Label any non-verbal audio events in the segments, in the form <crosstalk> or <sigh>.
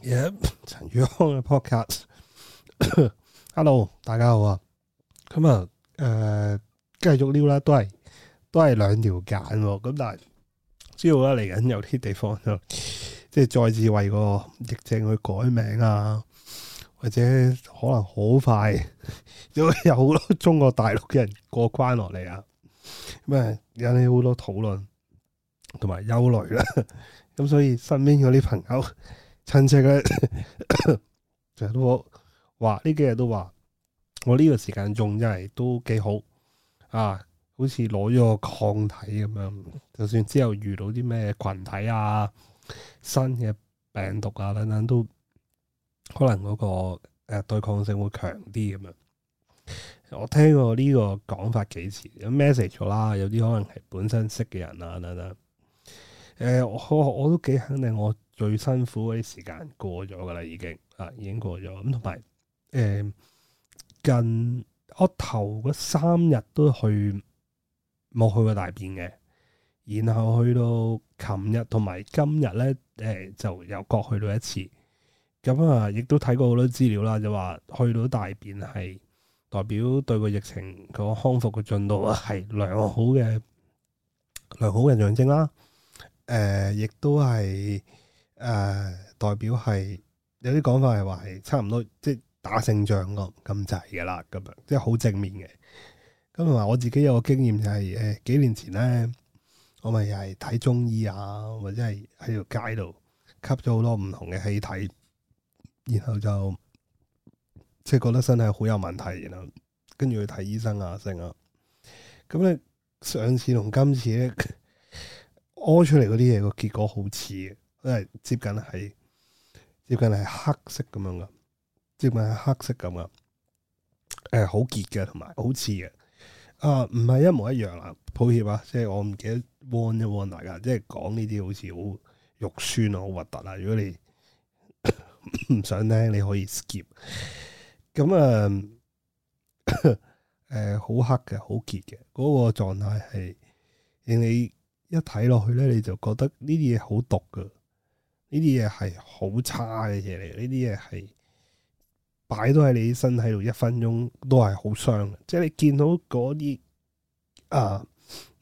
陳、yep, 宇康嘅 podcast，hello， <coughs> 大家好啊，咁、嗯、啊，誒、呃，繼續聊啦，都係都係兩條揀，咁但係知道啦，嚟緊有啲地方就即係再次為個疫症去改名啊，或者可能好快，因為有好多中國大陸嘅人過關落嚟啊，咁啊引起好多討論同埋憂慮啦，咁、 <coughs> 嗯、所以身邊嗰啲朋友。親戚嘅成日都話呢幾日都話我呢個時間用真係都幾好啊！好似攞咗個抗體咁樣，就算之後遇到啲咩群體啊、新嘅病毒啊等等，都可能嗰個誒對抗性會強啲咁樣。我聽過呢個講法幾次，有 message 啦，有啲可能係本身識嘅人啊等等。誒、呃，我我都幾肯定我，最辛苦嗰啲時間過咗㗎啦，已經啊，已經過咗咁。同埋誒，近屋頭嗰三日都去冇去過大便嘅，然後去到琴日同埋今日咧，誒、呃、就又各去到一次咁、嗯、啊。亦都睇過好多資料啦，就話去到大便係代表對個疫情個康復嘅進度係良好嘅良好嘅象徵啦。誒、呃，亦都係。誒、呃，代表係有啲講法係話係差唔多，即、就、係、是、打勝仗咁咁滯噶啦，咁樣即係好正面嘅。咁同埋我自己有個經驗就係、是、誒，幾年前咧，我咪又係睇中醫啊，或者係喺條街度吸咗好多唔同嘅氣體，然後就即係、就是、覺得身體好有問題，然後跟住去睇醫生啊，成啊。咁啊，上次同今次咧，屙 <laughs> 出嚟嗰啲嘢個結果好似嘅。都係接近係接近係黑色咁樣噶，接近係黑色咁噶，誒好結嘅，同埋好似嘅，啊唔係一模一樣啦，抱歉啊，即係我唔記得 warn 一 warn 大家，即係講呢啲好似好肉酸啊，好核突啊！如果你唔 <coughs> 想聽，你可以 skip。咁啊，誒、呃、好、 <coughs> 呃、黑嘅，好結嘅，嗰、嗰個狀態係令你一睇落去咧，你就覺得呢啲嘢好毒噶。呢啲嘢係好差嘅嘢嚟，呢啲嘢係擺到喺你身體度，一分鐘都係好傷。即係你見到嗰啲啊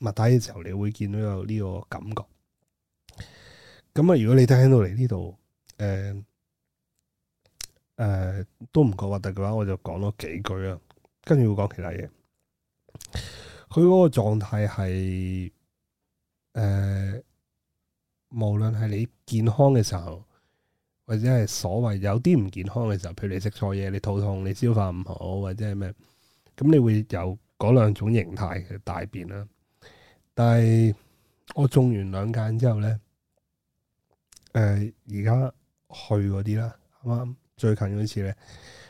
物體嘅時候，你會見到有呢個感覺。咁、嗯、啊，如果你聽到嚟呢度，誒、呃、誒、呃、都唔夠核突嘅話，我就講多幾句啦，跟住會講其他嘢。佢嗰個狀態係誒。呃無論係你健康嘅時候，或者係所謂有啲唔健康嘅時候，譬如你食錯嘢，你肚痛，你消化唔好，或者係咩，咁你會有嗰兩種形態嘅大便啦。但係我種完兩間之後咧，誒而家去嗰啲啦，啱啱最近嗰次咧，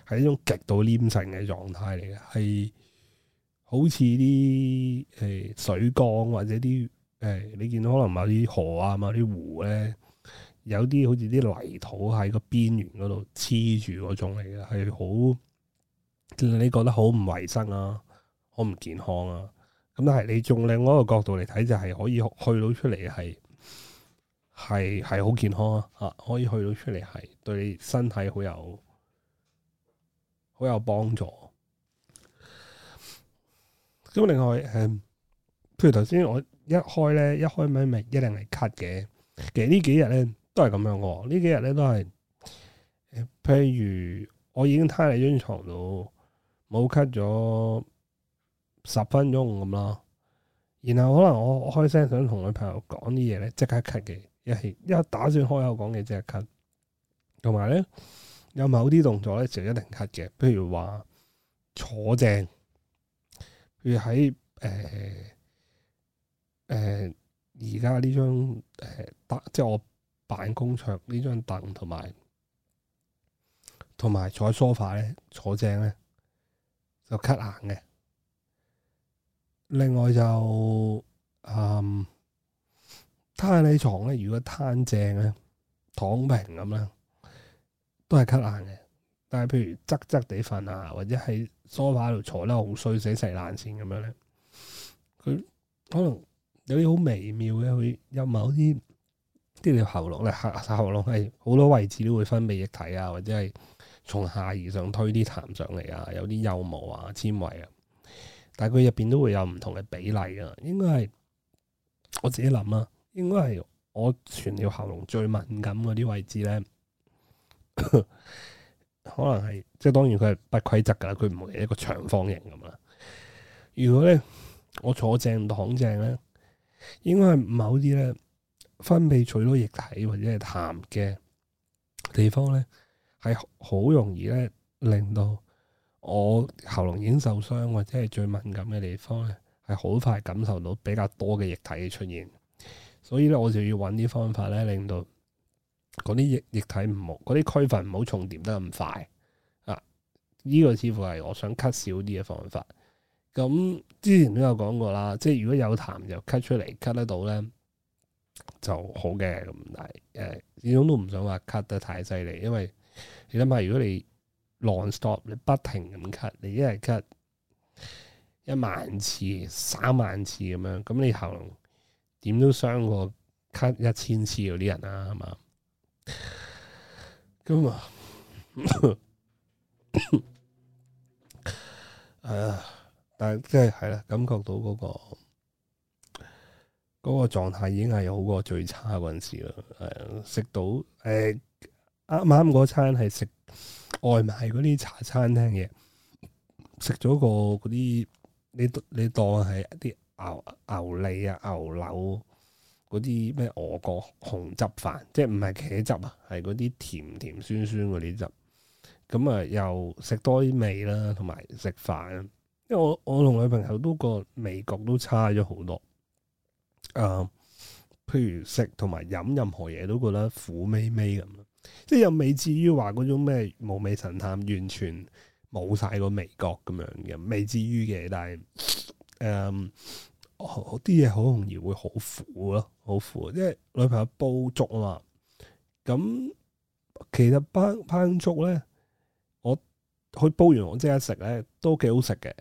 係一種極度黏性嘅狀態嚟嘅，係好似啲誒水缸或者啲。誒，你見到可能某啲河啊、某啲湖咧，有啲好似啲泥土喺個邊緣嗰度黐住嗰種嚟嘅，係好，你覺得好唔衛生啊，好唔健康啊。咁但係你從另外一個角度嚟睇，就係、是、可以去到出嚟係係係好健康啊，吓、啊、可以去到出嚟係對你身體好有好有幫助。咁另外誒。嗯譬如頭先我一開咧一開咪咪一定係咳嘅，其實呢幾日咧都係咁樣嘅。呢幾日咧都係，譬如我已經攤喺張床度冇咳咗十分鐘咁咯。然後可能我開聲想同女朋友講啲嘢咧，即刻咳嘅。一係一打算開口講嘅即刻咳。同埋咧有某啲動作咧，就一定咳嘅。譬如話坐正，譬如喺誒。呃誒，而家呢張誒，即係我辦公桌呢張凳，同埋同埋坐沙發咧，坐正咧就咳硬嘅。另外就誒，攤、呃、攤喺床咧，如果攤正咧，躺平咁啦，都係咳硬嘅。但係譬如側側地瞓啊，或者喺沙發度坐得好衰死晒爛線咁樣咧，佢可能。有啲好微妙嘅，佢有某啲啲你喉嚨咧，喉喉嚨係好多位置都會分泌液體啊，或者係從下而上推啲痰上嚟啊，有啲幼毛啊、纖維啊，但係佢入邊都會有唔同嘅比例啊。應該係我自己諗啊，應該係我全條喉嚨最敏感嗰啲位置咧， <coughs> 可能係即係當然佢係不規則噶啦，佢唔會係一個長方形咁啦。如果咧我坐正躺正咧。應該係某啲咧分泌取到液體或者係痰嘅地方咧，係好容易咧令到我喉嚨已經受傷或者係最敏感嘅地方咧，係好快感受到比較多嘅液體嘅出現，所以咧我就要揾啲方法咧令到嗰啲液液體唔好嗰啲區分唔好重疊得咁快啊！呢、這個似乎係我想吸少啲嘅方法。咁之前都有講過啦，即係如果有痰就咳出嚟，咳得到咧就好嘅。咁但係誒，始終都唔想話咳得太犀利，因為你諗下，如果你 long stop，你不停咁咳，你一日咳一萬次、三萬次咁樣，咁你喉嚨點都傷過咳一千次嗰啲人啦，係嘛？咁啊，啊～ <laughs> <coughs> <coughs> 但即係係啦，感覺到嗰、那個嗰、那個狀態已經係好過最差嗰陣時咯。係、嗯、啊，食到誒，啱啱嗰餐係食外賣嗰啲茶餐廳嘢，食咗個嗰啲你你當係啲牛牛脷啊牛柳嗰啲咩俄國紅汁飯，即係唔係茄汁啊，係嗰啲甜甜酸酸嗰啲汁。咁、嗯、啊、嗯，又食多啲味啦，同埋食飯。因為我我同女朋友都覺味覺都差咗好多，誒、呃，譬如食同埋飲任何嘢，都覺得苦味味咁，即係又未至於話嗰種咩無味神探完全冇晒個味覺咁樣嘅，未至於嘅，但係誒，啲嘢好容易會好苦咯，好苦，即係女朋友煲粥啊嘛，咁其實烹番粥咧，我去煲完我即刻食咧都幾好食嘅。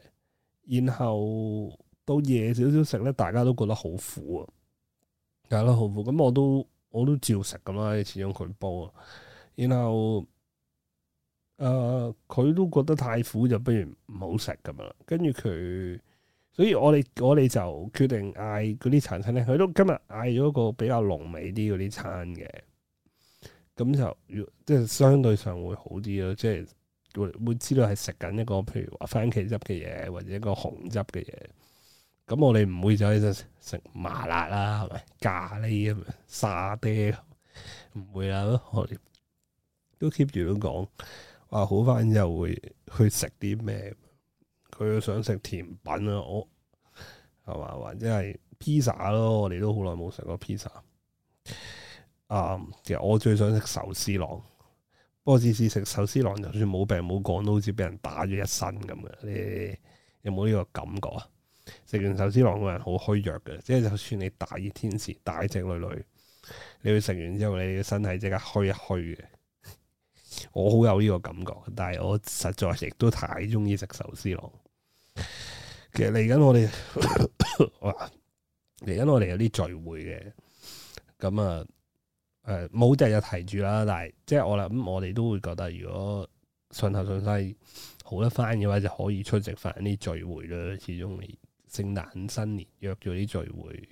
然後到夜少少食咧，大家都覺得好苦啊，大家都好苦。咁我都我都照食咁啦，始終佢煲啊。然後誒，佢、呃、都覺得太苦，就不如唔好食咁樣。跟住佢，所以我哋我哋就決定嗌嗰啲餐餐咧。佢都今日嗌咗一個比較濃味啲嗰啲餐嘅，咁就即係相對上會好啲咯，即係。會會知道係食緊一個譬如話番茄汁嘅嘢，或者一個紅汁嘅嘢。咁我哋唔會就喺度食麻辣啦，係咪咖喱咁樣沙爹？唔 <laughs> 會啦，我哋都 keep 住咁講話好翻之後會去食啲咩？佢想食甜品啊，我係嘛？或者係披薩咯？我哋都好耐冇食過披薩。啊、嗯，其實我最想食壽司郎。不過次次食壽司郎，就算冇病冇恙都好似俾人打咗一身咁嘅，你有冇呢個感覺啊？食完壽司郎個人好虛弱嘅，即係就算你大熱天時大隻女女，你會食完之後你嘅身體即刻虛一虛嘅。我好有呢個感覺，但係我實在亦都太鍾意食壽司郎。其實嚟緊我哋，哇！嚟緊我哋有啲聚會嘅，咁啊。誒冇日日提住啦，但係即係我諗、嗯，我哋都會覺得，如果順頭順勢好得翻嘅話，就可以出席翻啲聚會咯。始終聖誕、新年約咗啲聚會，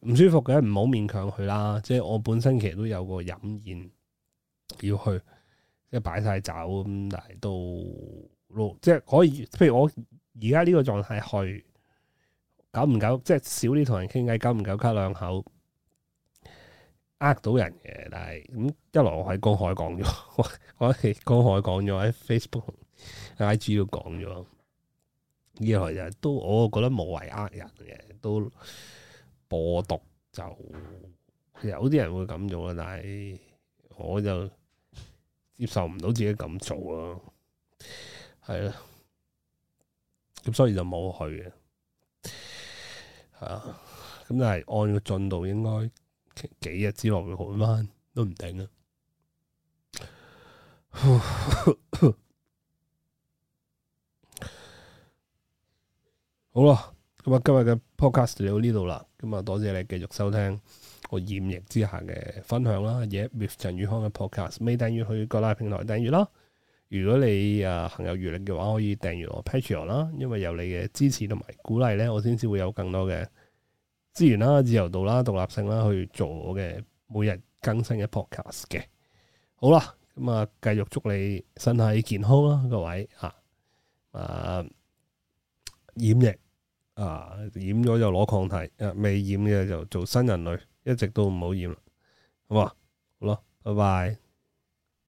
唔舒服嘅，唔好勉強去啦。即係我本身其實都有個飲宴要去，即係擺晒酒咁，但係都即係可以。譬如我而家呢個狀態去，久唔久即係少啲同人傾偈，久唔久咳兩口。呃到人嘅，但係咁、嗯、一來我喺江海講咗， <laughs> 我喺江海講咗喺 Facebook、同 IG 都講咗。二來就係、都，我覺得無謂呃人嘅，都播毒就其實有啲人會咁做嘅，但係我就接受唔到自己咁做咯、啊，係啦。咁所以就冇去嘅，係啊。咁但係按個進度應該幾日之內會好翻都唔定啊！ <laughs> 好啦，咁啊今日嘅 podcast 就到呢度啦，咁啊多謝你繼續收聽我染疫之下嘅分享啦，嘢、yeah, with 陳宇康嘅 podcast 未訂閱，去各大平台訂閱啦。如果你啊行有餘力嘅話，可以訂閱我 Patreon 啦，因為有你嘅支持同埋鼓勵咧，我先至會有更多嘅資源啦、自由度啦、獨立性啦，去做我嘅每日更新嘅 podcast 嘅。好啦，咁啊，繼續祝你身體健康啦，各位嚇。誒、啊啊，染疫啊，染咗就攞抗體，啊、未染嘅就做新人類，一直都唔好染啦。好嘛，好咯，拜拜。